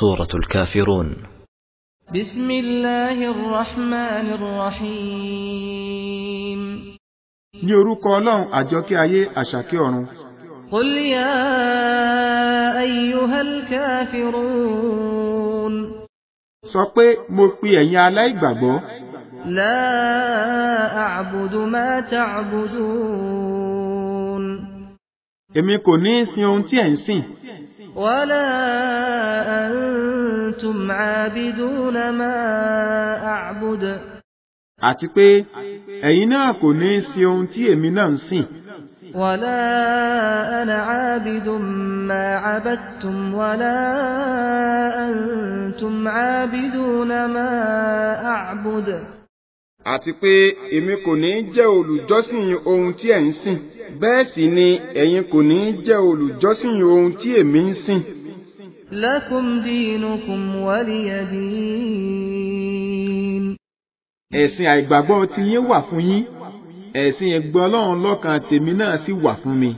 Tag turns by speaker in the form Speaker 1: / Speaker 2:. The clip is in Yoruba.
Speaker 1: سورة الكافرون
Speaker 2: بسم الله الرحمن الرحيم
Speaker 1: ní orúkọ ọlọ́run àjọkẹ́ ayé àṣàkẹ́ ọ̀run.
Speaker 2: قل يا أيها الكافرون
Speaker 1: sọ pé mo pe ẹ̀yin aláìgbàgbọ́.
Speaker 2: La àbùdù máa ta'budun.
Speaker 3: Èmi kò ní sin ohun tí ẹ̀ ń sìn.
Speaker 2: Wala an أنتم عابدون ما أعبد
Speaker 3: àti pé ẹ̀yin náà kò ní í ṣe ohun tí èmi náà ń sìn.
Speaker 2: wàlá ana abidun ma abattum wàlá antum abiduna ma abud.
Speaker 4: àti pé èmi kò ní í jẹ́ ohun tí ẹ̀ ń bẹ́ẹ̀ sì ni ẹ̀yin kò ní jẹ́ olùjọ́sìn ohun tí èmi ń sìn.
Speaker 2: لَكُمْ دِينُكُمْ وَلِيَ دين
Speaker 3: ẹ̀sìn àìgbàgbọ́ tiyín wà fún yín ẹ̀sìn ìgbọ́ Ọlọ́run lọ́kàn tèmi náà sì wà fún mi.